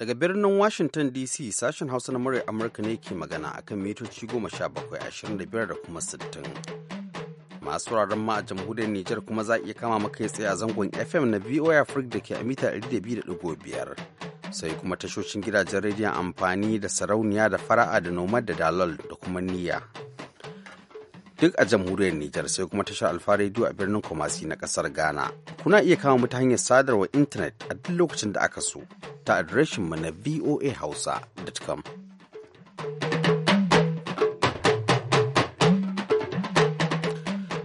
Daga birnin Washington DC sashen Hausa na murya Amurka ne ke magana a kan mitoci goma sha bakwai ashirin da biyar da kuma sittin. Masu wuraren ma a jamhuriyar Nijar kuma za a iya kama maka tsaye a zangon FM na VOA Africa da ke a mita 200.5. Sai kuma tashoshin gidajen rediyon amfani da sarauniya da fara'a da nomad da dalal da kuma niyya duk a jamhuriyar Nijar sai kuma tashar Alfa Radio a birnin Kumasi na kasar Ghana. Kuna iya kama mu ta hanyar sadarwar intanet a duk lokacin da aka so ta adireshin mu na voahausa.com.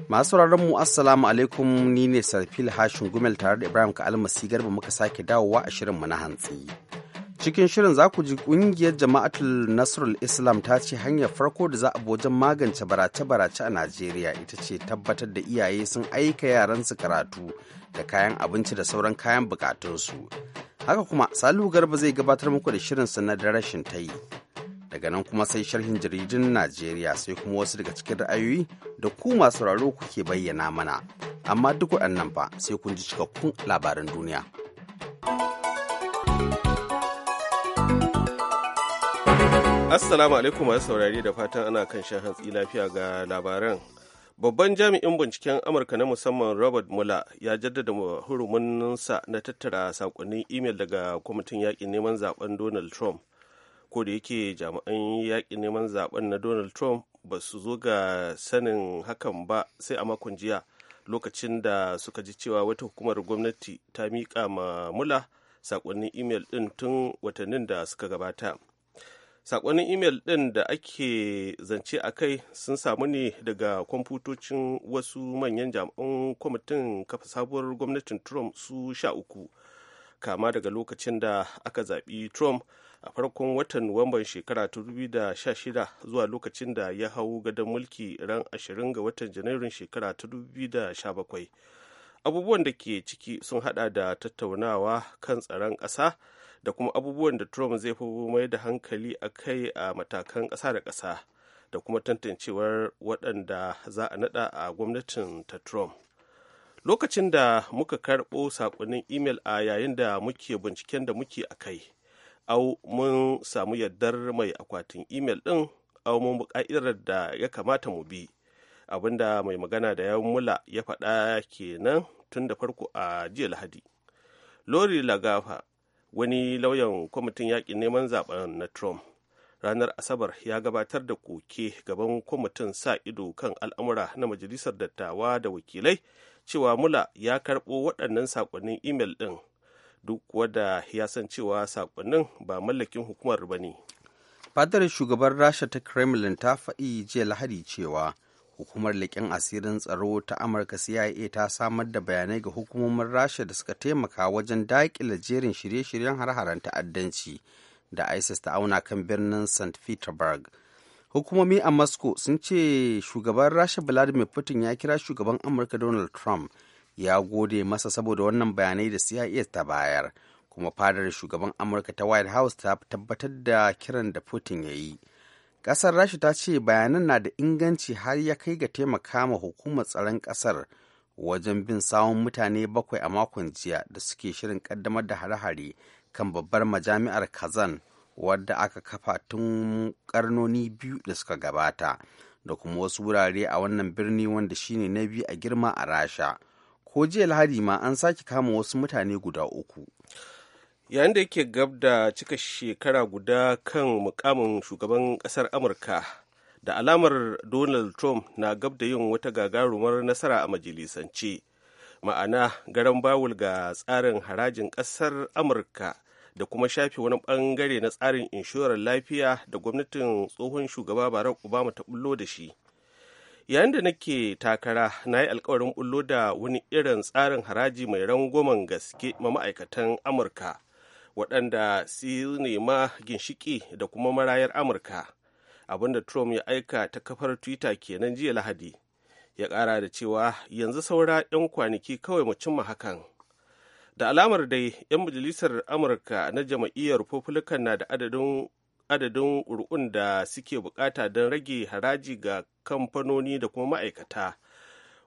Masu sauraron mu Assalamu alaikum ni ne Sarfil Hashin Gumel tare da Ibrahim Ka'al Garba muka sake dawowa a shirin mu na hantsi. cikin shirin za ku ji kungiyar jama'atul nasrul islam ta ce hanyar farko da za a wajen magance barace-barace a najeriya ita ce tabbatar da iyaye sun aika yaran su karatu da kayan abinci da sauran kayan bukatunsu haka kuma Salihu garba zai gabatar muku da shirinsa na da rashin ta yi daga nan kuma sai sharhin jaridun najeriya sai kuma wasu daga cikin ra'ayoyi da ku masu raro kuke bayyana mana amma duk waɗannan fa sai kun ji cikakkun labaran duniya. Assalamu alaikum masu saurari da fatan ana kan shan hantsi lafiya ga labaran. Babban jami'in binciken Amurka na musamman Robert Mueller ya jaddada hurumunsa na tattara sakonnin imel daga kwamitin yakin neman zaben Donald Trump. Ko da yake jami'an yakin neman zaben na Donald Trump ba su zo ga sanin hakan ba sai a makon jiya lokacin da suka ji cewa wata hukumar gwamnati ta miƙa ma Mueller sakonnin imel ɗin tun watannin da suka gabata. sakonin imel din da ake zance a kai sun samu ne daga kwamfutocin wasu manyan jami'an kwamitin kafa sabuwar gwamnatin trump su sha uku kama daga lokacin da aka zaɓi trump a farkon watan nuwamban shekara 2016 zuwa lokacin da ya hau gadon mulki ran ashirin ga watan janairun shekara 2017 abubuwan da ke ciki sun hada da tattaunawa kan tsaron ƙasa da kuma abubuwan da trump zai fi mai da hankali a kai a matakan ƙasa da ƙasa da kuma tantancewar waɗanda za a naɗa a gwamnatin ta trump lokacin da muka karɓo saƙonin imel a yayin da muke binciken da muke a kai au mun samu yardar mai akwatin imel ɗin au mun buƙa'irar da ya kamata mu bi abinda mai magana da yawun mula ya faɗa kenan tun da farko a jiya lahadi lori lagafa wani lauyan kwamitin yaƙin neman zaben na trump ranar asabar ya gabatar da koke gaban kwamitin sa ido kan al'amura na majalisar dattawa da wakilai cewa mula ya karɓo waɗannan saƙonnin imel ɗin duk wada ya san cewa saƙonnin ba mallakin hukumar ba ne fadar shugaban rasha ta kremlin ta faɗi jiya lahadi cewa hukumar leƙen asirin tsaro ta amurka cia ta samar da bayanai ga hukumomin rasha da suka taimaka wajen daƙile jerin shirye-shiryen har-haren ta'addanci da isis ta auna kan birnin st petersburg hukumomi a moscow sun ce shugaban rasha vladimir putin ya kira shugaban amurka donald trump ya gode masa saboda wannan bayanai da cia ta bayar kuma fadar shugaban amurka ta white house ta tabbatar da kiran da putin ya yi Ƙasar Rasha ta ce bayanan na da inganci har ya kai ga taimaka ma hukumar tsaron ƙasar wajen bin sawun mutane bakwai a makon jiya da suke shirin ƙaddamar da hare-hare kan babbar majami'ar Kazan wadda aka kafa tun karnoni biyu da suka gabata da kuma wasu wurare a wannan birni wanda shine na biyu a girma a Rasha. Ko jiya Lahadi ma an sake kama wasu mutane guda uku. yayin da yake gab da cika shekara guda kan mukamin shugaban kasar amurka da alamar donald trump na gab da yin wata gagarumar nasara a majalisance ma'ana garan bawul ga tsarin harajin kasar amurka da kuma shafe wani bangare na tsarin inshorar lafiya da gwamnatin tsohon shugaba barack obama ta bullo da shi yayin da nake takara na yi alkawarin bullo da wani irin tsarin haraji mai rangwamen gaske ma ma'aikatan amurka waɗanda su ne ginshiki da kuma marayar amurka abinda trump ya aika ta kafar twitter kenan jiya lahadi ya ƙara da cewa yanzu saura 'yan kwanaki kawai mu cimma hakan da alamar dai 'yan majalisar amurka na jama'iyyar republican na da adadin adadin ƙuri'un da suke bukata don rage haraji ga kamfanoni da kuma ma'aikata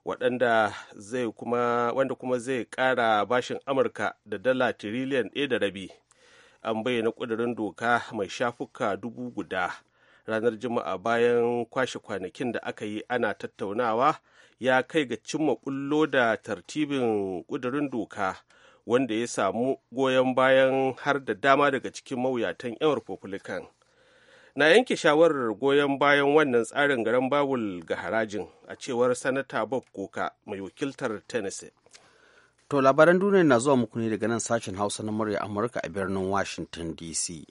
waɗanda zai kuma wanda kuma zai ƙara bashin amurka da dala tiriliyan ɗaya da rabi an bayyana ƙudurin doka mai shafuka dubu guda ranar juma'a bayan kwashe kwanakin da aka yi ana tattaunawa ya kai ga cimma bullo da tartibin ƙudurin doka wanda ya samu goyon bayan har da dama daga cikin mawuyatan 'yan republican na yanke shawarar goyon bayan wannan tsarin garin babul ga harajin a cewar sanata bob kuka mai wakiltar tennessee to labaran duniya na zuwa muku ne daga nan sashen hausa na murya amurka a birnin washington dc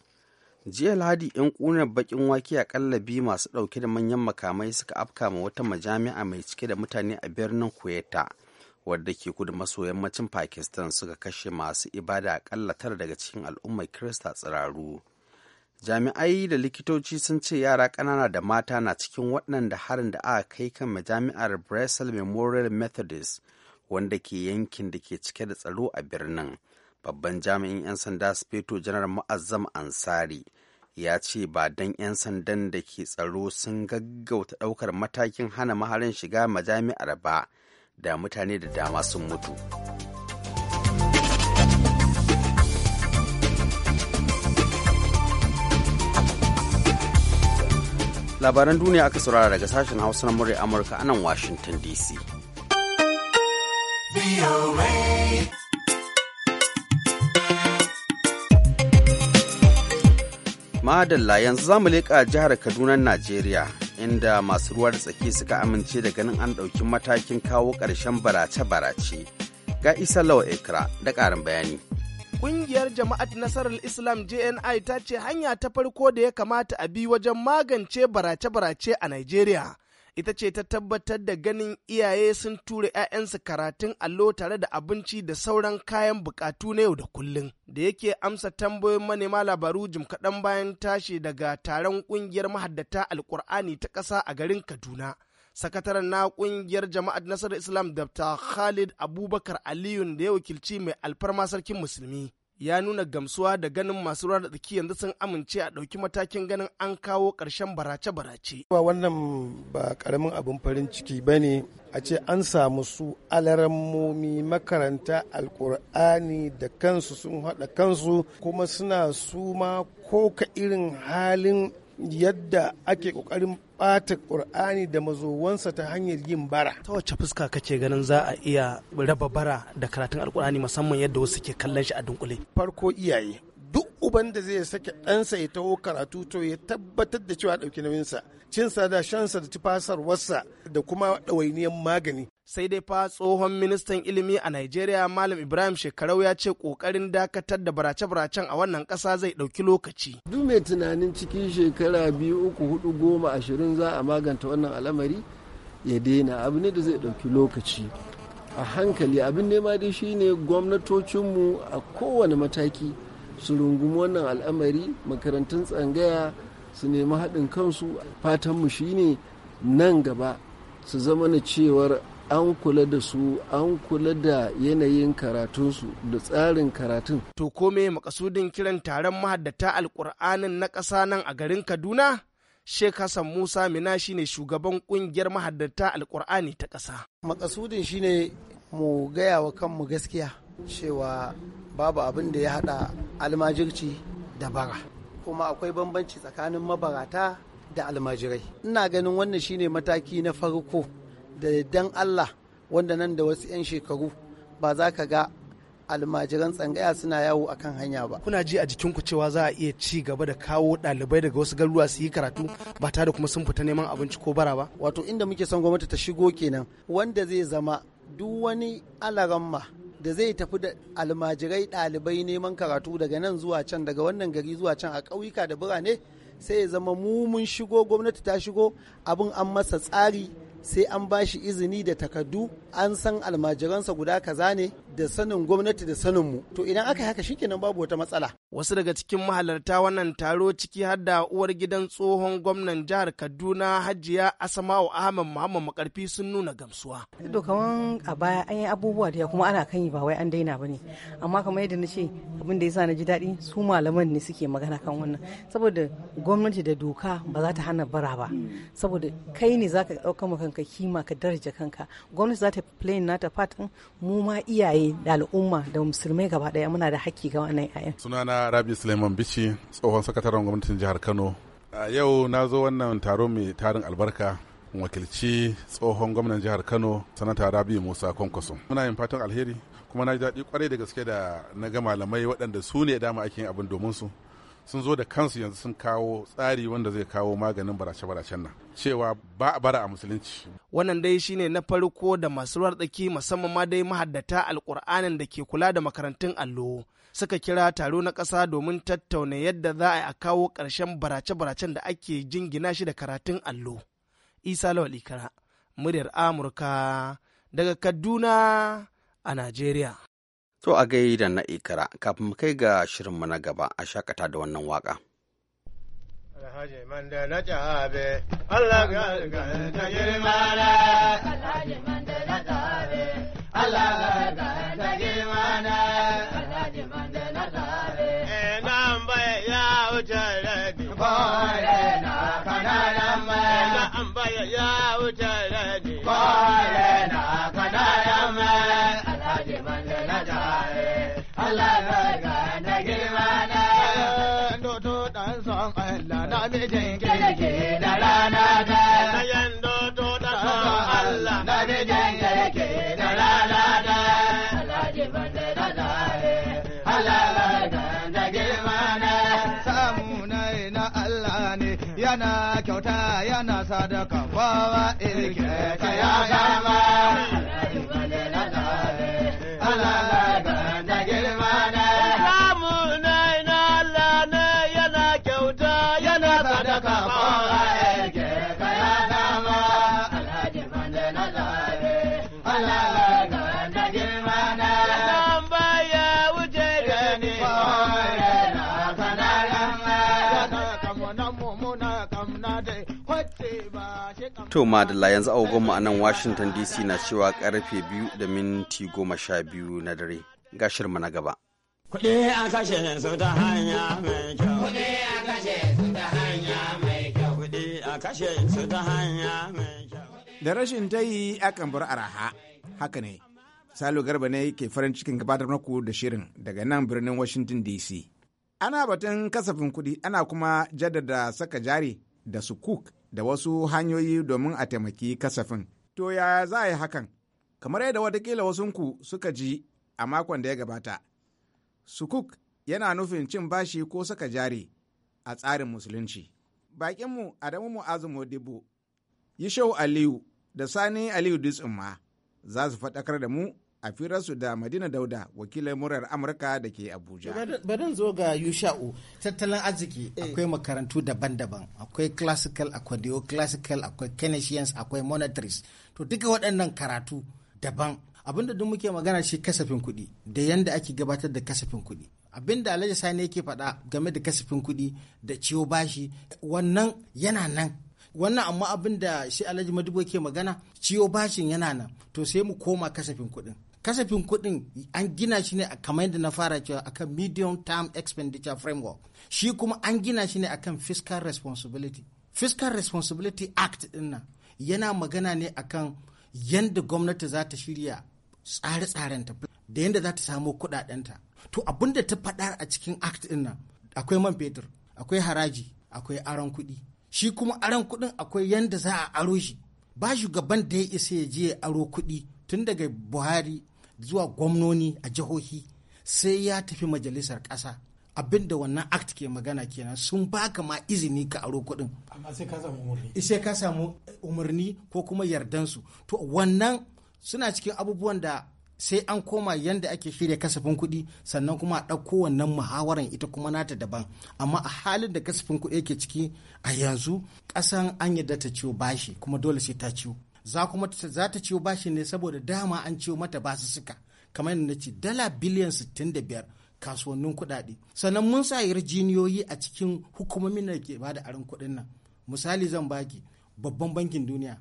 jiya lahadi yan kunar bakin wake ƙalla biyu masu ɗauke da manyan makamai suka afka ma wata majami'a mai cike da mutane a birnin kuwaita wadda ke kudu maso yammacin pakistan suka kashe masu ibada akalla tara daga cikin al'ummar kirista tsiraru jami'ai da likitoci sun ce yara ƙanana da mata na cikin waɗanda harin da aka kai kan majami'ar bresel memorial methodist wanda ke yankin da ke cike da tsaro a birnin babban jami'in 'yan sanda speto janar ma'azzam ansari ya ce ba don 'yan sandan da ke tsaro sun gaggauta ɗaukar matakin hana maharin shiga majami'ar ba da mutane da dama sun mutu. labaran duniya aka saurara daga sashen hausa na murya amurka a nan washington dc madalla yanzu za mu leƙa jihar kaduna najeriya inda masu ruwa da tsaki suka amince da ganin an ɗauki matakin kawo ƙarshen barace-barace ga isa lawa ikra da ƙarin bayani Ƙungiyar Jama'at Nasarar Islam JNI ta ce hanya ta farko da ya kamata a bi wajen magance barace-barace a Najeriya. Ita ce ta tabbatar da ganin iyaye sun tura 'ya'yansu karatun allo tare da abinci da sauran kayan bukatu na yau da kullum. Da yake amsa tambayoyin manema labaru jim kaɗan bayan tashi daga taron ƙungiyar mahaddata Alƙur'ani ta ƙasa a garin Kaduna. sakataren na kungiyar jama'ar nasarar islam dr khalid abubakar aliyun da ya wakilci mai alfarma sarkin musulmi ya nuna gamsuwa da ganin masu ruwa da tsaki yanzu sun amince a ɗauki matakin ganin an kawo ƙarshen barace-barace. Ba wannan ba ƙaramin abin farin ciki ba ne a ce an samu su alarammomi makaranta alƙur'ani da kansu sun haɗa kansu kuma suna suma ma koka irin halin yadda ake ƙoƙarin Bata ƙur'ani da mazowansa ta hanyar yin bara. Ta wace fuska kace ganin za a iya raba bara da karatun alƙur'ani musamman yadda wasu ke kallon shi a dunkule? Farko iyaye duk uban da zai sake ɗansa ya taho karatu to ya tabbatar da cewa ɗauki nauyinsa cinsa da shansa da tufasarwarsa da kuma ɗawainiyar magani sai dai fa tsohon ministan ilimi a Najeriya Malam Ibrahim Shekarau ya ce kokarin dakatar da barace-baracen a wannan ƙasa zai ɗauki lokaci. Duk mai tunanin cikin shekara biyu uku hudu goma ashirin za a maganta wannan al'amari ya daina abu ne da zai ɗauki lokaci. A hankali abin nema dai ne gwamnatocinmu a kowane mataki su rungumi wannan al'amari makarantun tsangaya su nemi haɗin kansu fatanmu shi ne nan gaba su zama na cewar an kula da su an kula da yanayin karatunsu da tsarin karatun. To kome makasudin kiran taron mahaddata alkur'anin na ƙasa nan a garin Kaduna? Sheikh Hassan Musa Mina shine shugaban ƙungiyar mahaddata alkur'ani ta ƙasa. Makasudin shine mu gaya wa kanmu gaskiya cewa babu abin da ya haɗa almajirci da bara. Kuma akwai bambanci tsakanin mabarata da almajirai. Ina ganin wannan shine mataki na farko da dan Allah wanda nan da wasu 'yan shekaru ba za ka ga almajiran tsangaya suna yawo a kan hanya ba. Kuna ji a jikinku cewa za a iya ci gaba da kawo ɗalibai daga wasu garuruwa su yi karatu ba tare da kuma sun fita neman abinci ko bara ba? Wato inda muke son gwamnati ta shigo kenan wanda zai zama duk wani alaramma da zai tafi da almajirai ɗalibai neman karatu daga nan zuwa can daga wannan gari zuwa can a ƙauyuka da birane sai ya zama mu mun shigo gwamnati ta shigo abin an masa tsari sai an ba shi izini da takardu an san almajiransa guda kaza ne da sanin gwamnati da sanin mu to idan aka haka shikenan babu wata matsala wasu daga cikin mahalarta wannan taro ciki har da uwar gidan tsohon gwamnan jihar Kaduna Hajiya Asma'u Ahmad Muhammad Makarfi sun nuna gamsuwa to kaman a baya an yi abubuwa da kuma ana kan yi ba wai an daina ba ne amma kamar yadda na ce abin da ya sa na ji daɗi su malaman ne suke magana kan wannan saboda gwamnati da doka ba za ta hana bara ba saboda kai ne za ka ɗauka kanka kima ka daraja kanka gwamnati za ta play nata fatan mu ma iyaye da al'umma da musulmai gaba daya muna da haƙƙi ga wannan 'ya'yan. sunana rabi suleiman bici tsohon sakataren gwamnatin jihar kano a yau na zo wannan taro mai tarin albarka wakilci tsohon gwamnan jihar kano sanata rabi musa kwankwaso muna yin fatan alheri kuma na ji daɗi kwarai da gaske da na ga malamai waɗanda su ne dama ake yin abin domin su sun zo da kansu yanzu sun kawo tsari wanda zai kawo maganin barace-baracen nan cewa ba a bara a musulunci. Wannan dai shine na farko da masu ruwar tsaki musamman ma dai mahaddata alkur'anin da ke kula da makarantun allo suka kira taro na ƙasa domin tattauna yadda za a kawo ƙarshen barace-baracen da ake jingina shi da karatun allo. Isa Lawal Ikara, muryar Amurka daga Kaduna a Najeriya. To a da na ikara kafin mu kai ga shirinmu na gaba a shakata da wannan waka. Alhaji Manda na Allah ga na Allah ga na. mijin kirki da rana ta sayan dodo da son Allah na mijin kirki Allah ne yana kyauta yana sadaka wawa ilke ka ya gama Alhaji Bande da Lare halala To Madalla yanzu agogonmu a nan Washington DC na cewa karfe biyu da minti goma sha biyu na dare. Gashir na gaba. Kuɗi a kashe su ta hanya mai kyau. Kuɗi a kashe su ta hanya mai kyau. Kuɗi a kashe su ta hanya mai kyau. Da rashin tayi akan bar araha. Haka ne. Salo Garba ne ke farin cikin gabatar maku da shirin daga nan birnin Washington DC. Ana batun kasafin kuɗi ana kuma jaddada saka jari da sukuk da wasu hanyoyi domin a taimaki kasafin. To ya za a yi hakan? Kamar yadda watakila wasunku suka ji a makon da ya gabata. Sukuk yana nufin cin bashi ko saka jari a tsarin musulunci. Bakinmu Adamu Mu'azu Modibo, Yishau Aliyu da Sani Aliyu Dutsunma za su faɗakar da mu a firarsu da madina dauda wakilin murar amurka da ke abuja barin zo ga yusha'u tattalin arziki eh. akwai makarantu daban-daban akwai classical akwai classical akwai keynesians akwai monetaries to duka waɗannan karatu daban abinda duk muke magana shi kasafin kuɗi da yanda ake gabatar da kasafin kuɗi da alhaji sani yake faɗa game da kasafin kuɗi da ciwo bashi wannan yana nan wannan amma abin da shi alhaji madubo ke magana ciwo bashin yana nan to sai mu koma kasafin kuɗin kasafin kuɗin an gina shi ne kamar yadda na fara cewa akan medium term expenditure framework shi kuma an gina shi ne akan fiscal responsibility fiscal responsibility act dinnan yana magana ne akan yadda gwamnati za ta shirya tsare tsaren ta da yadda za ta samu kuɗaɗenta to abin da ta faɗa a cikin act dinnan akwai man fetur akwai haraji akwai aron kuɗi shi kuma aron kuɗin akwai yadda za a aro shi ba shugaban da ya isa ya je ya aro kuɗi tun daga buhari zuwa gwamnoni a jihohi sai ya tafi majalisar ƙasa abinda wannan act ke magana kenan sun baka ma izini ka aro kuɗin. sai umarni. ko kuma yardansu. To wannan suna cikin abubuwan da sai an koma yadda ake shirya kasafin kuɗi sannan kuma a ɗauko wannan muhawaran ita kuma nata daban amma a halin da kasafin kuɗi yake ciki a yanzu ƙasan an yadda ta ciwo bashi kuma dole sai ta ciwo za kuma za ta ciwo bashi ne saboda dama an ciwo mata suka kamar yadda ce dala biliyan 65 kasuwannin kuɗaɗe sannan mun sa yarjiniyoyi a cikin hukumomin da ke bada aron kuɗin nan misali zan baki babban bankin duniya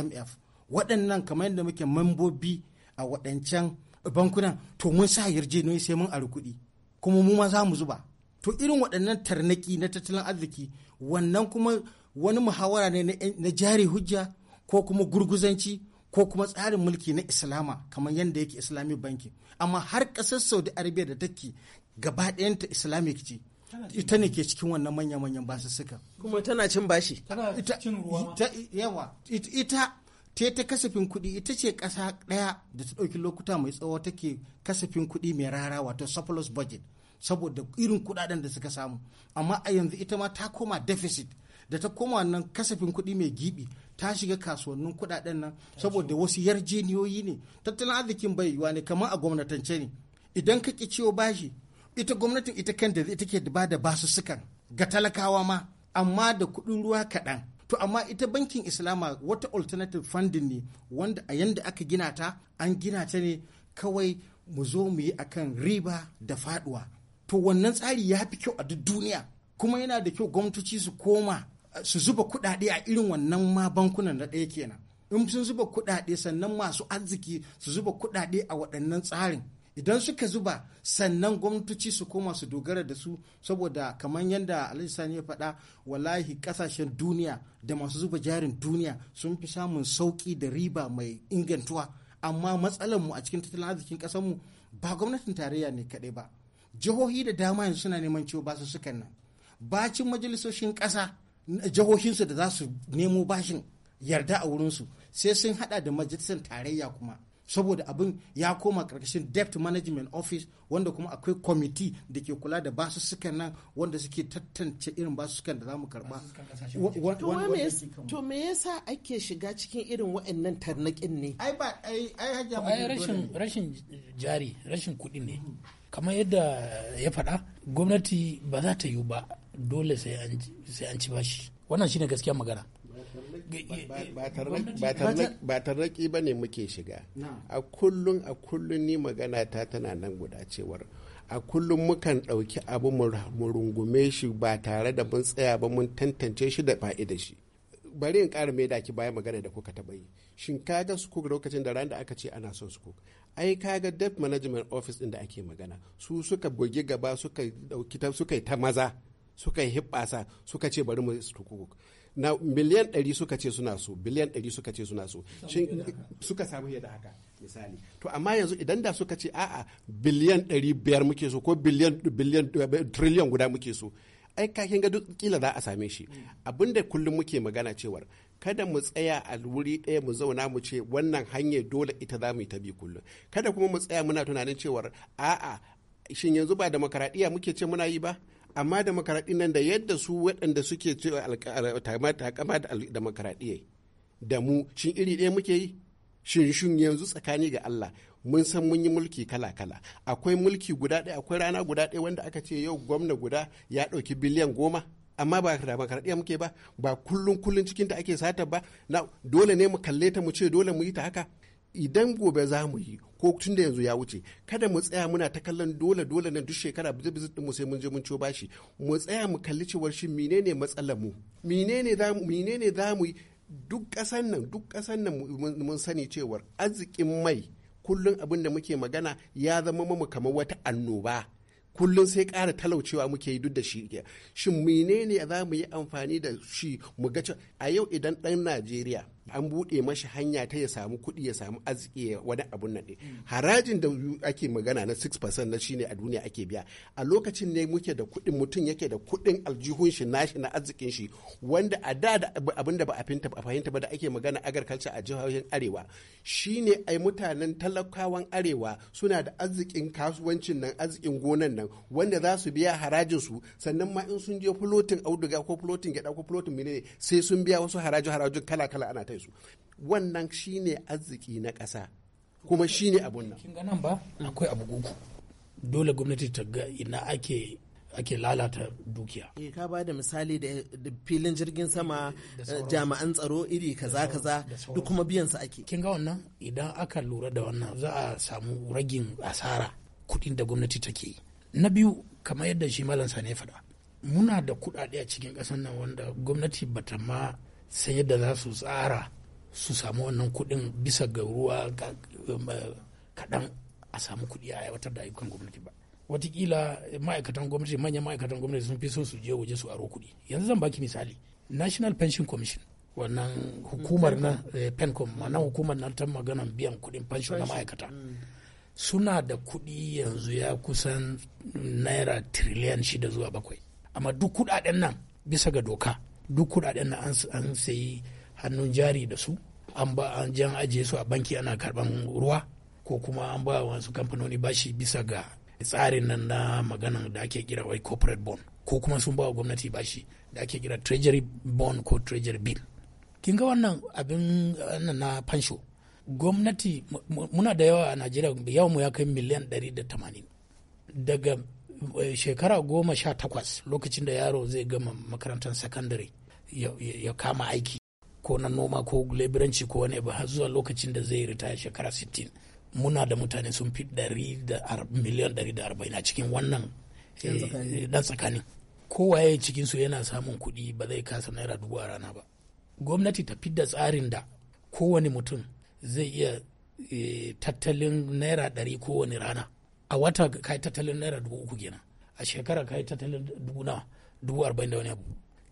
imf waɗannan kamar yadda muke mambobi a waɗancan bankunan to mun sa yarjiniyoyi sai mun ari kuɗi kuma mu ma za mu zuba to irin waɗannan tarnaki na tattalin arziki wannan kuma wani muhawara ne na jari hujja ko kuma gurguzanci ko kuma tsarin mulki na islama kamar yadda yake islamic banki amma har ƙasar saudi arabia da take gaba ɗayanta islamic ce ita ne ke cikin wannan manya-manyan suka kuma tana cin bashi ita yawa ita ta ta kasafin kuɗi ita ce ƙasa ɗaya da ta ɗauki lokuta mai tsawo take kasafin kuɗi mai rara wato surplus budget saboda irin kuɗaɗen da suka samu amma a yanzu ita ma ta koma deficit da ta koma nan kasafin kuɗi mai gibi ta shiga kasuwannin kuɗaɗen nan saboda wasu yarjeniyoyi ne tattalin arzikin bai yiwa ne kamar a gwamnatance ne idan ka ki ciwo bashi ita gwamnatin ita kanta ita ke ba da basussukan ga talakawa ma amma da kuɗin ruwa kaɗan to amma ita bankin islama wata alternative funding ne wanda a yanda aka gina ta an gina ta ne kawai mu zo mu yi akan riba da faɗuwa to wannan tsari ya fi kyau a duk duniya kuma yana da kyau gwamnatoci su koma su zuba kuɗaɗe a irin wannan ma bankunan na ɗaya kenan in sun zuba kuɗaɗe sannan masu arziki su zuba kuɗaɗe a waɗannan tsarin idan suka zuba sannan gwamnatoci su koma su dogara da su saboda kamar yadda alhaji sani ya faɗa wallahi ƙasashen duniya da masu zuba jarin duniya sun fi samun sauƙi da riba mai ingantuwa amma matsalar mu a cikin tattalin arzikin ƙasar mu ba gwamnatin tarayya ne kaɗai ba jihohi da dama yanzu suna neman ciwo ba su sukan nan bacin majalisoshin ƙasa jihohinsu da za su nemo bashin yarda a wurinsu sai sun hada da majalisar tarayya kuma saboda abin ya koma karkashin debt management office wanda kuma akwai kwamiti da ke kula da basussukan nan wanda suke tantance irin basussukan da za mu karba to me yasa ake shiga cikin irin waɗannan tarnakin ne ai ba ai ai rashin rashin jari rashin kuɗi ne kamar yadda ya faɗa gwamnati ba za ta yi ba dole sai an ci bashi wannan shine gaskiya magana ba tarraki ba ne muke shiga a kullum a kullum ni magana ta tana nan guda cewar a kullum mukan ɗauki abu mu rungume shi ba tare da mun tsaya ba mun tantance shi da fa'ida shi bari in ƙara mai daki bayan magana da kuka taɓa yi shin kaga su kuka lokacin da ran da aka ce ana son su kuka ai kaga debt management office ɗin da ake magana su suka bugi gaba suka ɗauki suka yi ta maza suka yi hibbasa suka ce bari mu sukuk na miliyan ɗari suka ce suna so biliyan ɗari suka ce suna so suka samu yadda haka misali to amma yanzu idan da suka ce a'a biliyan ɗari biyar muke so ko biliyan biliyan eh, triliyan guda muke so ai kakin ga duk kila za a same shi mm. abinda kullum muke magana cewar kada mu tsaya a wuri ɗaya mu zauna mu ce wannan hanyar dole ita za mu yi ta bi kullum kada kuma mu tsaya muna tunanin cewar a'a shin yanzu ba demokaradiyya muke ce muna yi ba amma demokaradin nan da yadda su waɗanda suke cewa alƙama da demokaradiyyai da mu shin iri ɗaya muke yi shin shin yanzu tsakani ga Allah mun san mun yi mulki kala-kala akwai mulki guda ɗaya akwai rana guda ɗaya wanda aka ce yau gwamna guda ya ɗauki biliyan goma amma ba demokaradiyya muke ba ba kullum kullum cikin ta ake sata ba na dole ne mu kalle ta mu ce dole mu yi ta haka idan gobe za mu yi ko tun da yanzu ya wuce kada mu tsaya muna ta kallon dole dole na duk shekara bizi bizi mu sai mun je mun ciyo bashi mu tsaya mu kalli cewar shi menene matsalar mu menene za mu menene za mu duk kasan nan duk kasan nan mun sani cewar arzikin mai kullum abin da muke magana ya zama mamu kamar wata annoba kullum sai kara talaucewa muke yi duk da shi shin menene za mu yi amfani da shi mu ga a yau idan ɗan najeriya an buɗe mashi hanya ta ya samu kuɗi ya samu arziki ya wani abun nan ɗin harajin da ake magana na 6% na shine a duniya ake biya a lokacin ne muke da kuɗin mutum yake da kuɗin aljihun shi nashi na arzikin shi wanda a da abin da ba a fahimta ba da ake magana agriculture a jihohin arewa shine ai mutanen talakawan arewa suna da arzikin kasuwancin nan arzikin gonan nan wanda za su biya harajin su sannan ma in sun je flotin auduga ko fulotin gyada ko fulotin menene sai sun biya wasu harajin harajin kala kala ana ta kai su wannan shine arziki na ƙasa kuma shine abun nan kin nan ba akwai abu uku dole gwamnati ta ga ina ake ake lalata dukiya. eh ka ba da misali da filin jirgin sama eh, jami'an tsaro iri kaza kaza duk kuma biyan su ake. Kin ga wannan idan aka lura da wannan za a samu ragin asara kuɗin da gwamnati take yi. Na biyu kamar yadda shi malam Sane faɗa muna da kuɗaɗe a cikin ƙasar nan wanda gwamnati bata ma sai yadda za su tsara su samu wannan kuɗin bisa ga ruwa um, eh, kaɗan a samu kuɗi a aiwatar da ayyukan gwamnati ba watakila ma'aikatan gwamnati manyan ma'aikatan gwamnati sun fi so su je waje su aro kuɗi yanzu zan baki misali national pension commission wannan hukumar na pencom eh, wannan hukumar na ta maganan biyan kuɗin pension na ma'aikata mm. suna da kuɗi yanzu ya kusan naira trillion shida zuwa bakwai amma duk kuɗaɗen nan bisa ga doka duk kuɗaɗen na an sayi hannun jari da su an ba an jan ajiye su a banki ana karban ruwa ko kuma an ba wasu kamfanoni bashi bisa ga tsarin nan na maganan da ake kira wai corporate bond ko kuma sun ba wa gwamnati bashi da ake kira treasury bond ko treasury bill kin ga wannan abin nan na fansho gwamnati muna da yawa a najeriya yawan mu ya kai miliyan 180 daga Eh, shekara goma sha takwas lokacin da yaro zai gama makarantar sakandare ya kama aiki ko na noma ko leburanci ko wani ba zuwa lokacin da zai ritaya shekara sittin muna da mutane sun fi miliyan ɗari da arba'in a cikin wannan dan eh, tsakanin eh, kowaye cikinsu yana samun kuɗi ba zai kasa naira dubu a rana ba gwamnati ta fidda tsarin da kowane mutum zai iya tattalin naira ɗari kowane rana a wata ka yi tattalin naira dubu uku kenan a shekara ka yi tattalin dubu nawa dubu arba'in da wani abu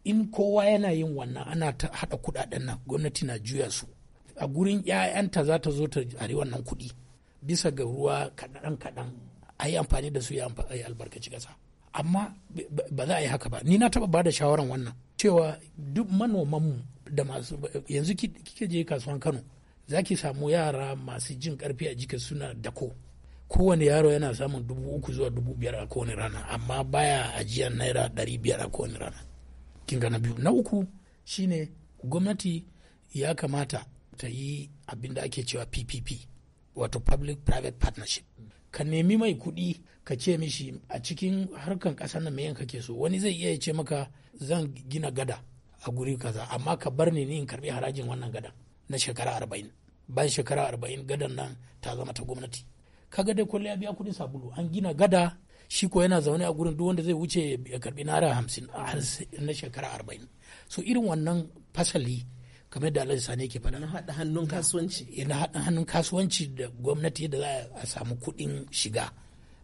in kowa yana yin wannan ana ta haɗa kuɗaɗen nan gwamnati na juya su a gurin 'ya'yanta za ta zo ta ari wannan kuɗi bisa ga ruwa kaɗan kaɗan a yi amfani da su ya albarkaci ƙasa amma ba za a yi haka ba ni na taɓa ba da shawaran wannan cewa duk manomanmu da masu yanzu kike je kasuwan kano zaki samu yara masu jin ƙarfi a jika suna dako kowane yaro yana samun dubu uku zuwa dubu biyar a kowane rana amma baya ajiyar naira ɗari biyar a kowane rana kin gana biyu na uku shine gwamnati ya kamata ta yi abinda da ake cewa ppp wato public private partnership ka nemi mai kuɗi ka ce mishi a cikin harkan ƙasar nan me kake so wani zai iya ce maka zan gina gada a guri kaza amma ka bar ni in karɓi harajin wannan gadan na shekara arba'in bayan shekara arba'in gadan nan ta zama ta gwamnati kaga dai kwalliya biya kuɗin sabulu an gina gada shi ko yana zaune a gurin duk wanda zai wuce ya karbi naira hamsin na shekara arba'in so irin wannan fasali kamar da alhaji sani ke faɗa na haɗa hannun kasuwanci na haɗa hannun kasuwanci da gwamnati yadda za a samu kuɗin shiga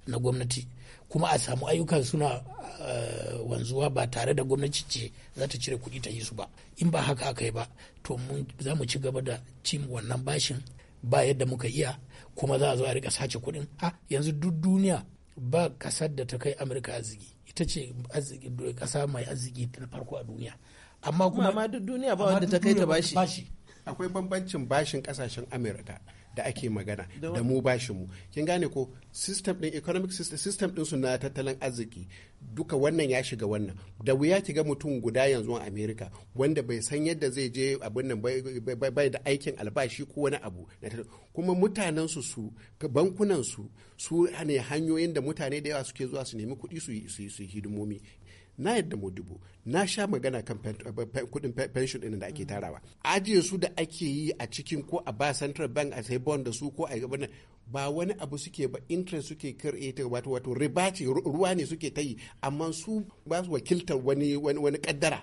na gwamnati kuma a samu ayyukan suna eh, wanzuwa ba tare da gwamnati ce za ta cire kuɗi ta yi su ba in ba haka aka yi ba to za mu ci gaba da cin wannan bashin ba yadda muka iya kuma za a zo a rika sace kuɗin ha yanzu duk duniya ba kasar da ta kai amurka arziki ita ce kasa mai arziki ta farko a duniya amma kuma ma duk duniya ba wanda ta kai ta bashi akwai bambancin bashin kasashen amurka da ake magana da mu bashi mu kin gane ko system din economic system system din su na tattalin arziki duka wannan ya shiga wannan da wuya ki ga mutum guda yanzu a America wanda bai san yadda zai je abin nan bai da aikin albashi ko wani abu kuma mutanen su su bankunan su su ne hanyoyin da mutane da yawa suke zuwa su nemi kuɗi su yi hidimomi na yadda dubu na sha magana kan eh, kudin pension din da ake tarawa ajiye su da ake yi a cikin ko a ba central bank a sai bond da su ko a bana ba wani abu suke ba interest suke create wato wato riba ce ruwa ne suke ta yi amma su ba su wakiltar wani wani kaddara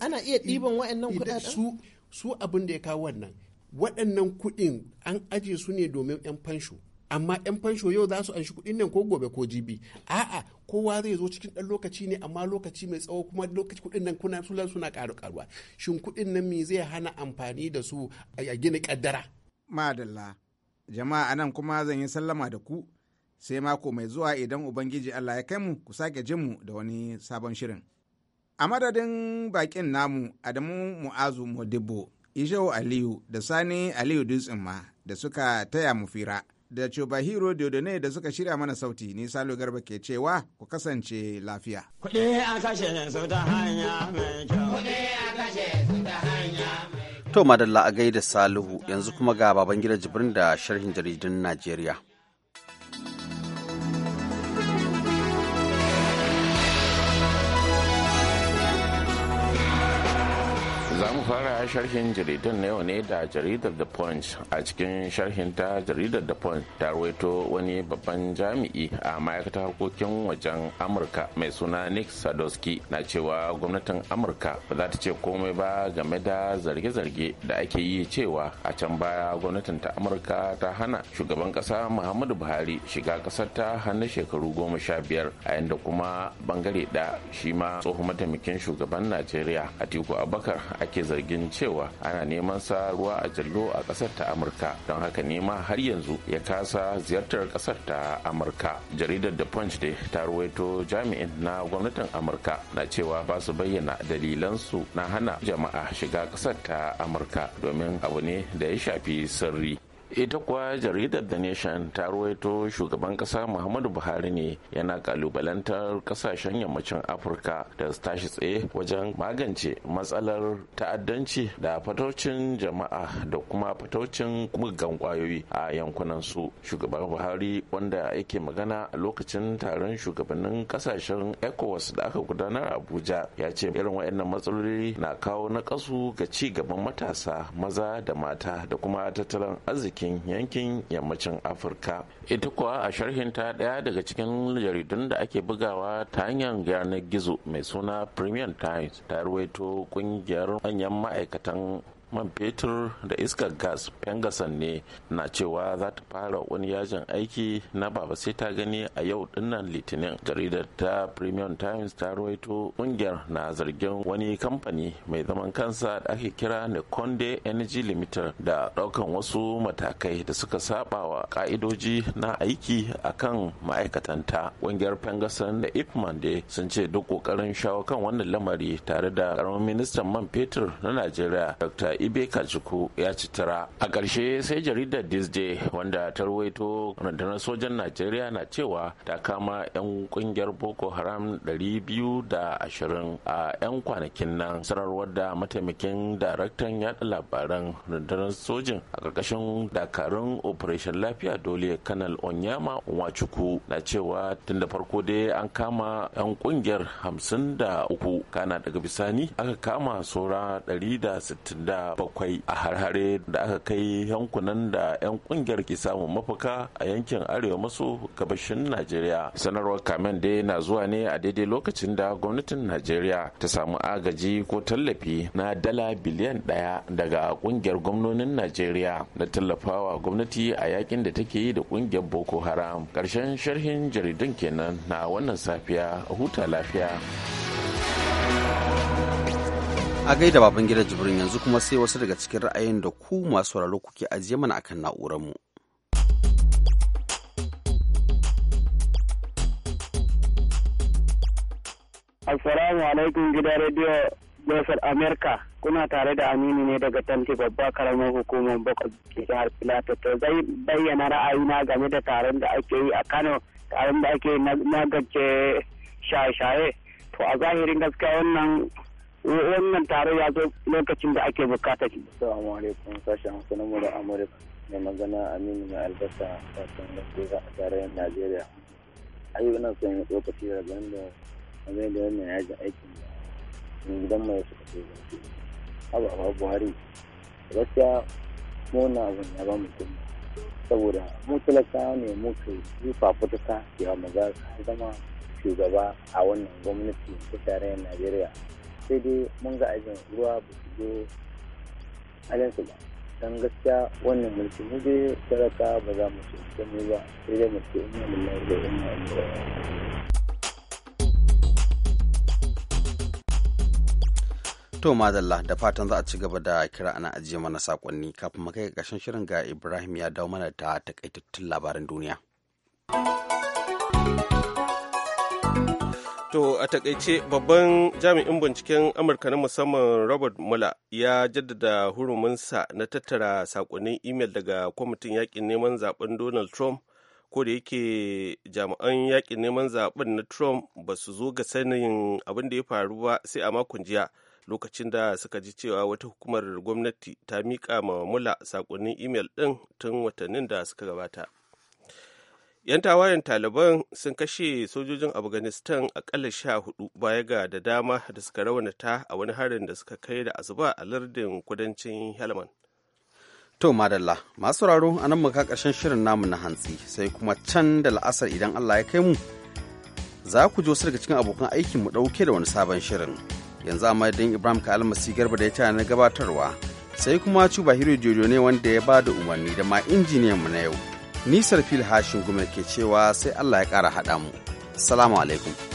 ana iya ɗiban waɗannan kudaden. su abin da ya kawo wannan waɗannan kuɗin an ajiye su ne domin 'yan fansho amma 'yan fansho yau za su anshi kuɗin nan ko gobe ko jibi a'a kowa zai zo cikin ɗan lokaci ne amma lokaci mai tsawo kuma lokaci kuɗin nan kuna sulan suna ƙaru ƙaruwa shin kuɗin nan me zai hana amfani da su a gina ƙaddara. madalla jama'a anan kuma zan yi sallama da ku sai mako mai zuwa idan ubangiji allah ya kai mu ku sake jin mu da wani sabon shirin a madadin bakin namu adamu mu'azu modibo ishau aliyu da sani aliyu dutsen ma da suka taya mu fira da Chubahiro Diodone da suka shirya mana sauti ni Salo Garba ke cewa ku kasance lafiya. Kuɗi a kashe su ta hanya mai kyau. Kuɗi a kashe su ta hanya mai kyau. To madalla a gaida Salihu yanzu kuma ga baban Jibrin da sharhin jaridun Najeriya. mu fara sharhin jaridar na yau ne da jaridar The Punch. A cikin sharhin ta jaridar The Punch ta ruwaito wani babban jami'i a ma'aikatar harkokin wajen Amurka mai suna Nick Sadowski na cewa gwamnatin Amurka ba za ta ce komai ba game da zarge-zarge da ake yi cewa a can baya gwamnatin ta Amurka ta hana shugaban kasa Muhammadu Buhari shiga kasar ta hannun shekaru goma sha biyar a yadda kuma bangare ɗaya shi ma tsohon mataimakin shugaban Najeriya Atiku Abubakar ake zargin cewa ana neman sa ruwa a jallo a kasar ta amurka don haka nema har yanzu ya kasa ziyartar kasar ta amurka jaridar da punch day ta ruwaito jami'in na gwamnatin amurka na cewa ba su bayyana dalilan su na hana jama'a shiga kasar ta amurka domin abu ne da ya shafi sirri ita kuwa jaridar the nation ta ruwaito shugaban kasa muhammadu buhari ne yana kalubalantar kasashen yammacin afirka da su tashi tsaye wajen magance matsalar ta'addanci da fataucin jama'a da kuma fataucin muggan kwayoyi a yankunan su shugaban buhari wanda yake magana a lokacin taron shugabannin kasashen ecowas da aka gudanar abuja ya ce irin waɗannan matsaloli na kawo na ga ci gaban matasa maza da mata da kuma tattalin arziki cikin yankin yammacin afirka ita kuwa a sharhinta ɗaya daga cikin jaridun da ake bugawa ta hanyar yanar gizo mai suna premium times ta ruwaito kungiyar manyan ma'aikatan man fetur da iskar gas fengasan ne na cewa za ta fara wani yajin aiki na baba sai ta gani a yau dinnan litinin jaridar ta premium times ta ruwaito kungiyar na zargin wani kamfani mai zaman kansa da ake kira Konde energy limited da daukan wasu matakai da suka saba wa ka'idoji na aiki a kan ma'aikatanta kungiyar fengasan da ipman da sun ce duk kokarin shawo kan wannan lamari tare da karamin ministan man fetur na najeriya dr ibe kajiku ya citira a ƙarshe sai jaridar disney wanda ta ruwaito rundunar sojan najeriya na cewa ta kama 'yan kungiyar boko haram 220 a 'yan kwanakin nan sanarwar da mataimakin daraktan yada labaran rundunar sojin a ƙarƙashin dakarun operation lafiya dole kanal onyama wachuku na cewa tun da farko dai an kama 'yan kungiyar 53 kana daga bisani aka kama saura 160 bakwai a harhare da aka kai yankunan da 'yan kungiyar ke samun mafaka a yankin arewa maso gabashin najeriya sanarwar kamen dai na zuwa ne a daidai lokacin da gwamnatin najeriya ta samu agaji ko tallafi na dala biliyan daya daga kungiyar gwamnonin najeriya na tallafawa gwamnati a yakin da take yi da kungiyar boko haram karshen sharhin jaridun kenan na wannan safiya huta lafiya A gaida baban gida jibrin yanzu kuma sai wasu daga cikin ra'ayin da ku masu wararo kuke ajiye mana akan na'urarmu. Assalamu alaikum gida rediyo Joseph Amerika kuna tare da Aminu ne daga tanti babba karamar hukumar Boko jihar Plateau to zai bayyana ra'ayina game da taron da ake yi a Kano taron da ake magance shaye-shaye to a zahirin gaskiya wannan wannan taro ya zo lokacin da ake bukata shi. Assalamu alaikum sashen Hausa na Mura Amurka mai magana Aminu mai albasa sashen Gaskiya a tarayyar Najeriya. Ayi na son yi lokaci da ganin da game da wannan ji aikin da gidan mai suka ce zance. Abu abu Buhari gaskiya na abin ya ba mutum saboda mu talakawa ne mu ke yi fafutuka ya maza zama shugaba a wannan gwamnati ta tarayyar Najeriya. sai dai mun ga ajin ruwa ba su zo halinsu ba don gaskiya wannan mulki mu dai saraka ba za mu ce da mu ba sai dai mu in yi da inna ilaihi To mazalla da fatan za a ci gaba da kira ana ajiye mana sakonni kafin mu kai ƙarshen shirin ga Ibrahim ya dawo mana da takaitattun labaran duniya. To a takaice babban jami'in binciken Amurka na musamman Robert Mueller ya jaddada hurumunsa na tattara sakonnin imel daga kwamitin yakin neman zaben Donald Trump ko da yake jami'an yakin neman zaben na Trump ba su zo ga sanin abin da ya faru ba sai a makon jiya lokacin da suka ji cewa wata hukumar gwamnati ta miƙa ma Mueller sakonnin imel ɗin tun watannin da suka gabata. 'yan tawayen taliban sun kashe sojojin afghanistan akalla sha hudu baya ga da dama da suka raunata a wani harin da suka kai da asuba a lardin kudancin helmand to madalla masu raro a nan muka karshen shirin namu na hantsi sai kuma can da la'asar idan allah ya kai mu za ku ji wasu daga cikin abokan aikin mu ɗauke da wani sabon shirin yanzu a madadin ibrahim ka almasi garba da ya tana na gabatarwa sai kuma cuba hiro jojo ne wanda ya bada umarni da ma injiniyan mu na yau nisar fil hashin gume ke cewa sai allah ya ƙara haɗa mu salamu alaikum